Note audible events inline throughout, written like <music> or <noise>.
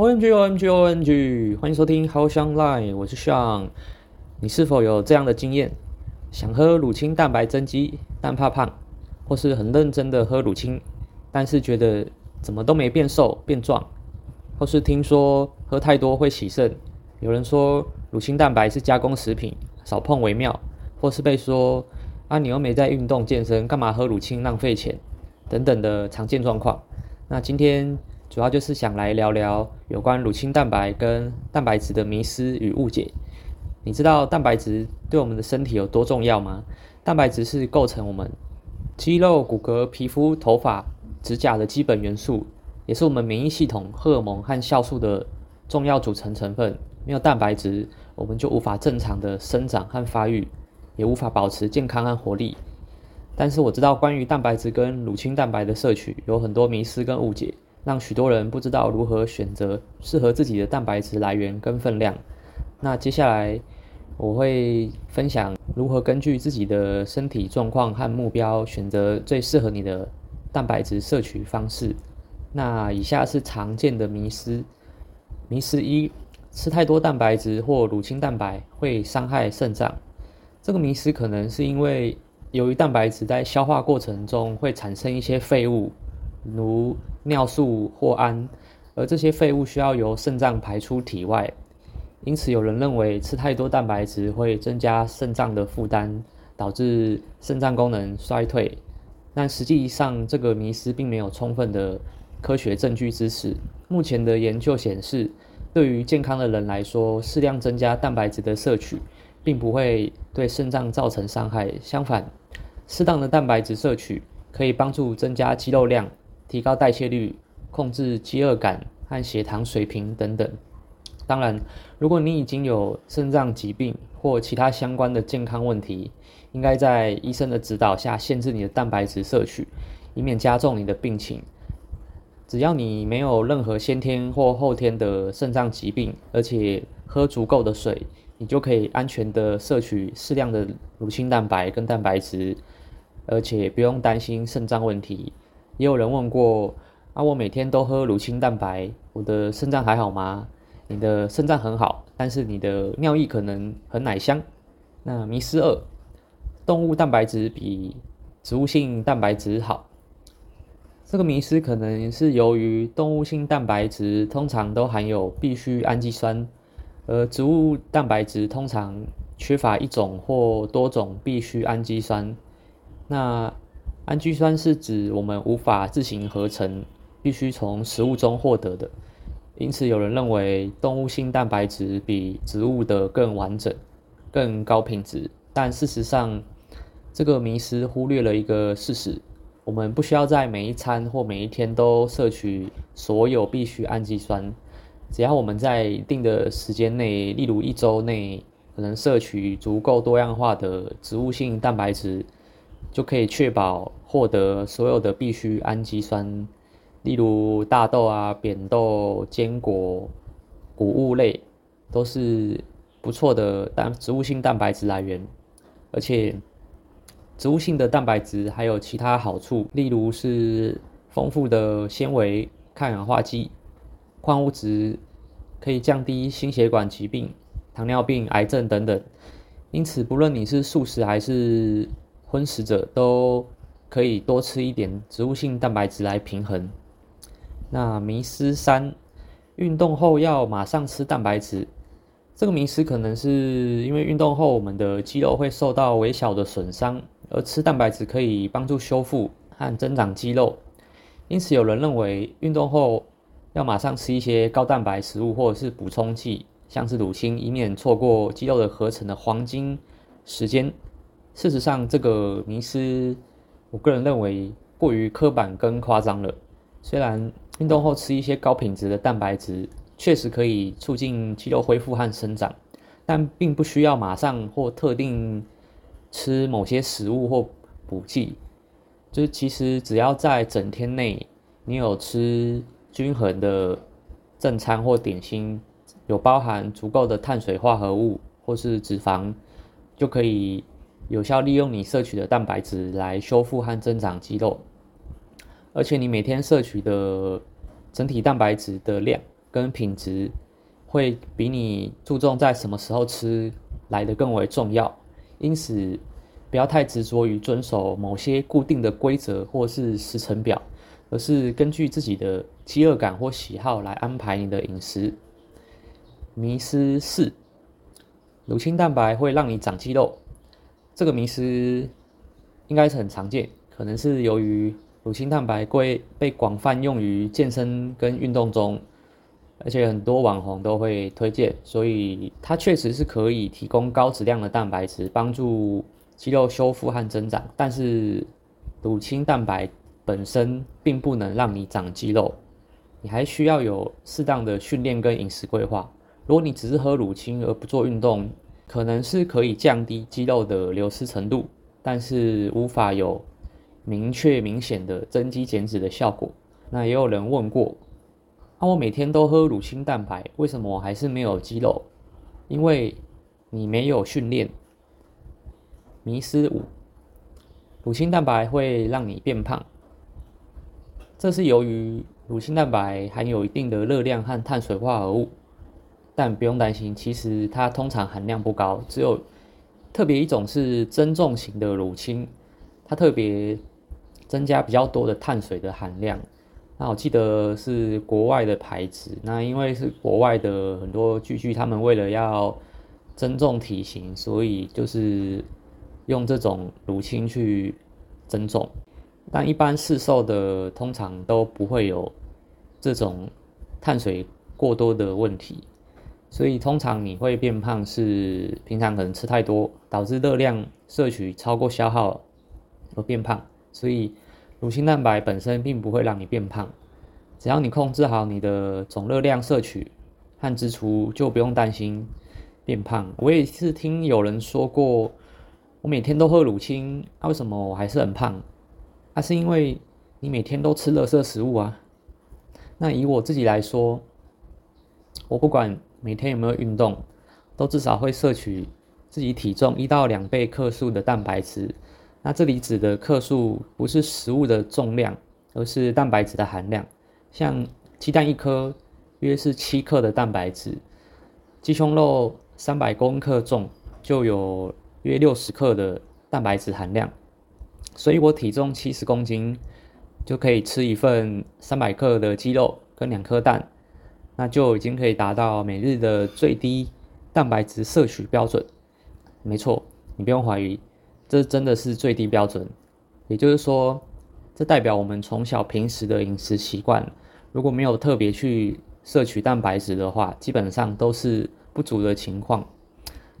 O N G O N G O N G，歡迎收聽 How Strong Line，我是 Strong，你是否有這樣的經驗？想喝乳清蛋白增肌，但怕胖；或是很認真的喝乳清，但是覺得怎麼都沒變瘦變壯；或是聽說喝太多會洗腎；有人說乳清蛋白是加工食品，少碰為妙；或是被說啊你又沒在運動健身，幹嘛喝乳清浪費錢等等的常見狀況。那今天，主要就是想來聊聊有關乳清蛋白跟蛋白質的迷思與誤解。你知道蛋白質對我們的身體有多重要嗎？蛋白質是構成我們肌肉、骨骼、皮膚、頭髮、指甲的基本元素，也是我們免疫系統、荷爾蒙和酵素的重要組成成分。沒有蛋白質，我們就無法正常的生長和發育，也無法保持健康和活力。但是我知道關於蛋白質跟乳清蛋白的攝取有很多迷思跟誤解。讓許多人不知道如何選擇適合自己的蛋白質來源跟分量。那接下來我會分享如何根據自己的身體狀況和目標選擇最適合你的蛋白質攝取方式。那以下是常見的迷思：迷思一，吃太多蛋白質或乳清蛋白會傷害腎臟。這個迷思可能是因為由於蛋白質在消化過程中會產生一些廢物。如尿素或氨，而這些廢物需要由腎臟排出體外，因此有人認為吃太多蛋白質會增加腎臟的負擔，導致腎臟功能衰退。但實際上，這個迷思並沒有充分的科學證據支持。目前的研究顯示，對於健康的人來說，適量增加蛋白質的攝取，並不會對腎臟造成傷害。相反，適當的蛋白質攝取可以幫助增加肌肉量。提高代謝率、控制飢餓感和血糖水平等等。當然，如果你已經有腎臟疾病或其他相關的健康問題，應該在醫生的指導下限制你的蛋白質攝取，以免加重你的病情。只要你沒有任何先天或後天的腎臟疾病，而且喝足夠的水，你就可以安全地攝取適量的乳清蛋白跟蛋白質，而且不用擔心腎臟問題。也有人問過，啊，我每天都喝乳清蛋白，我的腎臟還好嗎？你的腎臟很好，但是你的尿液可能很奶香。那迷思二，動物蛋白質比植物性蛋白質好。這個迷思可能是由於動物性蛋白質通常都含有必需氨基酸，而植物蛋白質通常缺乏一種或多種必需氨基酸。那氨基酸是指我們無法自行合成，必須從食物中獲得的。因此，有人認為動物性蛋白質比植物的更完整、更高品質。但事實上，這個迷思忽略了一個事實：我們不需要在每一餐或每一天都攝取所有必需氨基酸。只要我們在一定的時間內，例如一週內，可能攝取足夠多樣化的植物性蛋白質。就可以確保獲得所有的必需氨基酸，例如大豆啊、扁豆、堅果、穀物類都是不錯的但植物性蛋白質來源。而且，植物性的蛋白質還有其他好處，例如是豐富的纖維、抗氧化劑、礦物質，可以降低心血管疾病、糖尿病、癌症等等。因此，不論你是素食還是，葷食者都可以多吃一點植物性蛋白質來平衡。那迷思三，運動後要馬上吃蛋白質。這個迷思可能是因為運動後我們的肌肉會受到微小的損傷，而吃蛋白質可以幫助修復和增長肌肉。因此，有人認為運動後要馬上吃一些高蛋白食物或者是補充劑，像是乳清，以免錯過肌肉的合成的黃金時間。事實上，這個迷思，我個人認為過於刻板跟誇張了。雖然運動後吃一些高品質的蛋白質，確實可以促進肌肉恢復和生長，但並不需要馬上或特定吃某些食物或補劑。就其實只要在整天內，你有吃均衡的正餐或點心，有包含足夠的碳水化合物或是脂肪，就可以。有效利用你攝取的蛋白質來修復和增長肌肉，而且你每天攝取的整體蛋白質的量跟品質，會比你注重在什麼時候吃來得更為重要。因此，不要太執着於遵守某些固定的規則或是時程表，而是根據自己的飢餓感或喜好來安排你的飲食。迷思四：乳清蛋白會讓你長肌肉。這個迷思應該是很常見，可能是由於乳清蛋白被被廣泛用於健身跟運動中，而且很多網紅都會推薦，所以它確實是可以提供高質量的蛋白質，幫助肌肉修復和增長。但是乳清蛋白本身並不能讓你長肌肉，你還需要有適當的訓練跟飲食規劃。如果你只是喝乳清而不做運動，可能是可以降低肌肉的流失程度，但是無法有明確明顯的增肌減脂的效果。那也有人問過，那、啊、我每天都喝乳清蛋白，為什麼我還是沒有肌肉？因為你沒有訓練。迷思五，乳清蛋白會讓你變胖。這是由於乳清蛋白含有一定的熱量和碳水化合物。但不用擔心，其實它通常含量不高，只有特別一種是增重型的乳清，它特別增加比較多的碳水的含量。那我記得是國外的牌子，那因為是國外的很多巨巨，他們為了要增重體型，所以就是用這種乳清去增重。但一般市售的通常都不會有這種碳水過多的問題。所以通常你會變胖，是平常可能吃太多，導致熱量攝取超過消耗而變胖。所以乳清蛋白本身並不會讓你變胖，只要你控制好你的總熱量攝取和支出，就不用擔心變胖。我也是聽有人說過，我每天都喝乳清，那、啊、為什麼我還是很胖？那、啊、是因為你每天都吃垃圾食物啊。那以我自己來說，我不管。每天有沒有運動，都至少會攝取自己體重一到兩倍克數的蛋白質。那這裡指的克數不是食物的重量，而是蛋白質的含量。像雞蛋一顆約是七克的蛋白質，雞胸肉三百公克重，就有約六十克的蛋白質含量。所以我體重七十公斤，就可以吃一份三百克的雞肉跟兩顆蛋。那就已經可以達到每日的最低蛋白質攝取標準。沒錯，你不用懷疑，這真的是最低標準。也就是說，這代表我們從小平時的飲食習慣，如果沒有特別去攝取蛋白質的話，基本上都是不足的情況。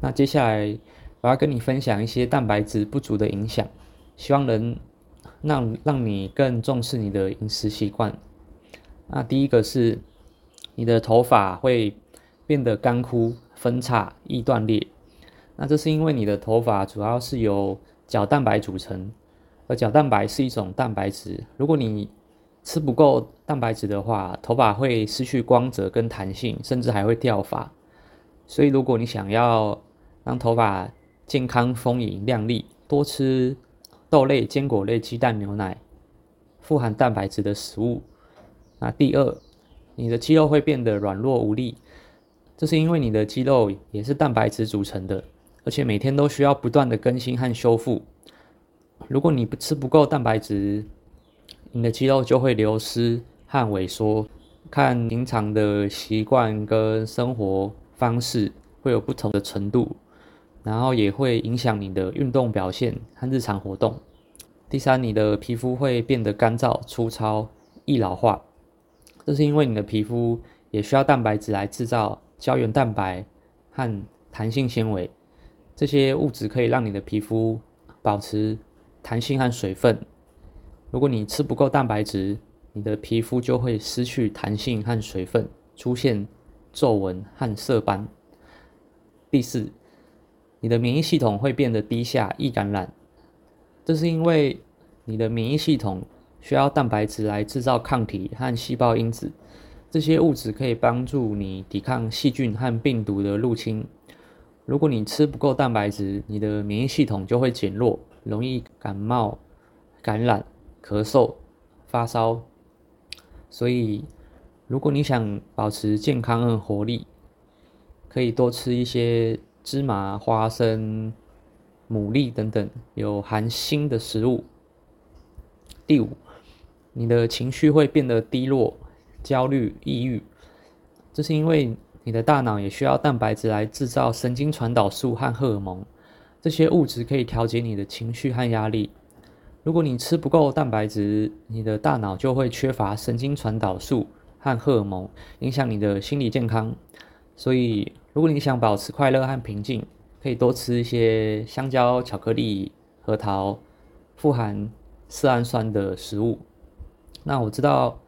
那接下來我要跟你分享一些蛋白質不足的影響，希望能讓讓你更重視你的飲食習慣。那第一個是，你的頭髮會變得乾枯、分叉、易斷裂，那這是因為你的頭髮主要是由角蛋白組成，而角蛋白是一種蛋白質。如果你吃不夠蛋白質的話，頭髮會失去光澤跟彈性，甚至還會掉髮。所以，如果你想要讓頭髮健康、豐盈、亮麗，多吃豆類、堅果類、雞蛋、牛奶，富含蛋白質的食物。那第二，你的肌肉會變得軟弱無力，這是因為你的肌肉也是蛋白質組成的，而且每天都需要不斷的更新和修復。如果你不吃不夠蛋白質，你的肌肉就會流失和萎縮。看平常的習慣跟生活方式會有不同的程度，然後也會影響你的運動表現和日常活動。第三，你的皮膚會變得乾燥、粗糙、易老化。這是因為你的皮膚也需要蛋白質來製造膠原蛋白和彈性纖維，這些物質可以讓你的皮膚保持彈性和水分。如果你吃不夠蛋白質，你的皮膚就會失去彈性和水分，出現皺紋和色斑。第四，你的免疫系統會變得低下，易感染、染。這是因為你的免疫系統。需要蛋白質來制造抗體和細胞因子，這些物質可以幫助你抵抗細菌和病毒的入侵。如果你吃不夠蛋白質，你的免疫系統就會減弱，容易感冒、感染、咳嗽、發燒。所以，如果你想保持健康和活力，可以多吃一些芝麻、花生、牡蠣等等有含鋅的食物。第五，你的情緒會變得低落、焦慮、抑鬱，這是因為你的大腦也需要蛋白質來制造神經傳導素和荷爾蒙，這些物質可以調節你的情緒和壓力。如果你吃不夠蛋白質，你的大腦就會缺乏神經傳導素和荷爾蒙，影響你的心理健康。所以，如果你想保持快樂和平靜，可以多吃一些香蕉、巧克力、核桃，富含色氨酸的食物。那我知道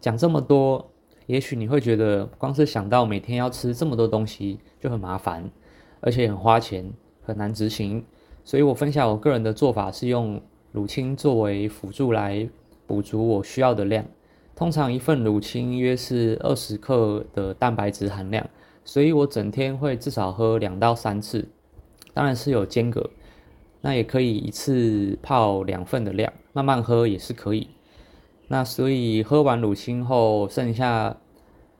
講這麼多，也許你會覺得光是想到每天要吃這麼多東西就很麻煩，而且很花錢，很難執行。所以我分享我個人的做法是用乳清作為輔助來補足我需要的量。通常一份乳清約是二十克的蛋白質含量，所以我整天會至少喝兩到三次，當然是有間隔。那也可以一次泡兩份的量，慢慢喝也是可以。那所以喝完乳清後，剩下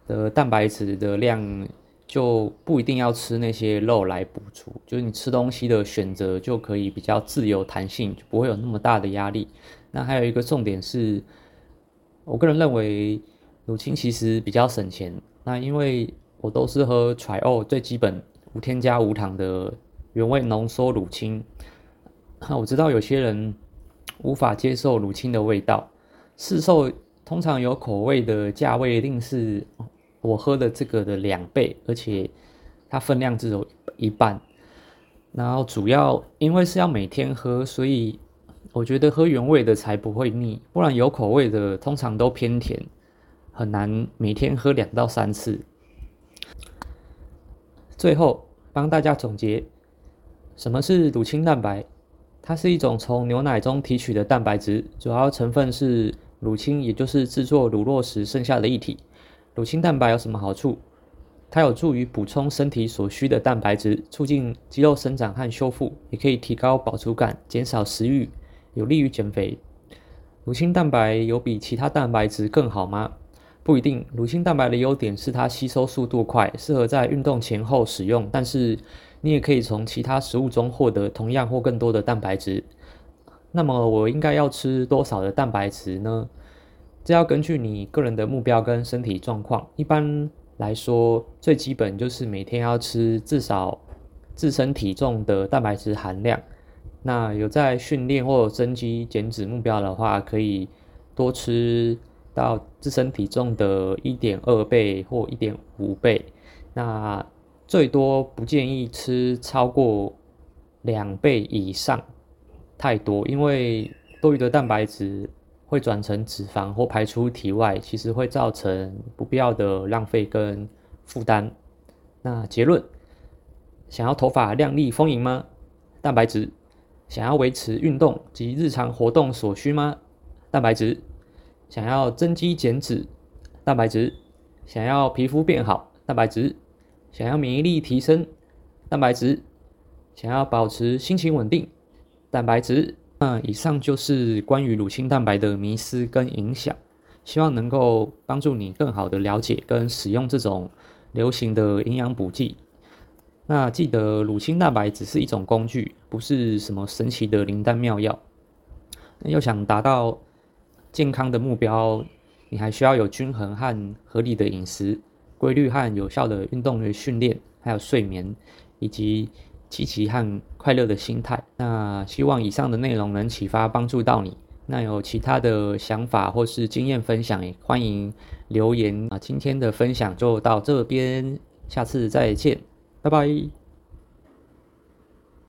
的蛋白質的量就不一定要吃那些肉來補充，就是你吃東西的選擇就可以比較自由彈性，就不會有那麼大的壓力。那還有一個重點是，我個人認為乳清其實比較省錢。那因為我都是喝 TRYALL 最基本無添加無糖的原味濃縮乳清。那 <coughs> 我知道有些人無法接受乳清的味道。市售通常有口味的價位，一定是我喝的這個的兩倍，而且它分量只有一半。然後主要因為是要每天喝，所以我覺得喝原味的才不會膩，不然有口味的通常都偏甜，很難每天喝兩到三次。最後幫大家總結，什麼是乳清蛋白？它是一種從牛奶中提取的蛋白質，主要成分是乳清，也就是製作乳酪時剩下的液體。乳清蛋白有什麼好處？它有助於補充身體所需的蛋白質，促進肌肉生長和修復，也可以提高飽足感，減少食欲，有利於減肥。乳清蛋白有比其他蛋白質更好嗎？不一定。乳清蛋白的優點是它吸收速度快，適合在運動前後使用，但是。你也可以從其他食物中獲得同樣或更多的蛋白質。那麼我應該要吃多少的蛋白質呢？這要根據你個人的目標跟身體狀況。一般來說，最基本就是每天要吃至少自身體重的蛋白質含量。那有在訓練或增肌減脂目標的話，可以多吃到自身體重的1.2倍或1.5倍。那最多不建議吃超過兩倍以上，太多，因為多餘的蛋白質會轉成脂肪或排出體外，其實會造成不必要的浪費跟負擔。那結論：想要頭髮亮麗豐盈嗎？蛋白質。想要維持運動及日常活動所需嗎？蛋白質。想要增肌減脂？蛋白質。想要皮膚變好？蛋白質。想要免疫力提升，蛋白質；想要保持心情穩定，蛋白質。那以上就是關於乳清蛋白的迷思跟影響，希望能夠幫助你更好的了解跟使用這種流行的營養補劑。那記得乳清蛋白只是一種工具，不是什麼神奇的靈丹妙藥。要想達到健康的目標，你還需要有均衡和合理的飲食。規律和有效的運動的訓練，還有睡眠，以及積極和快樂的心態。那希望以上的內容能啟發幫助到你。那有其他的想法或是經驗分享，也歡迎留言啊。今天的分享就到這邊，下次再見，拜拜。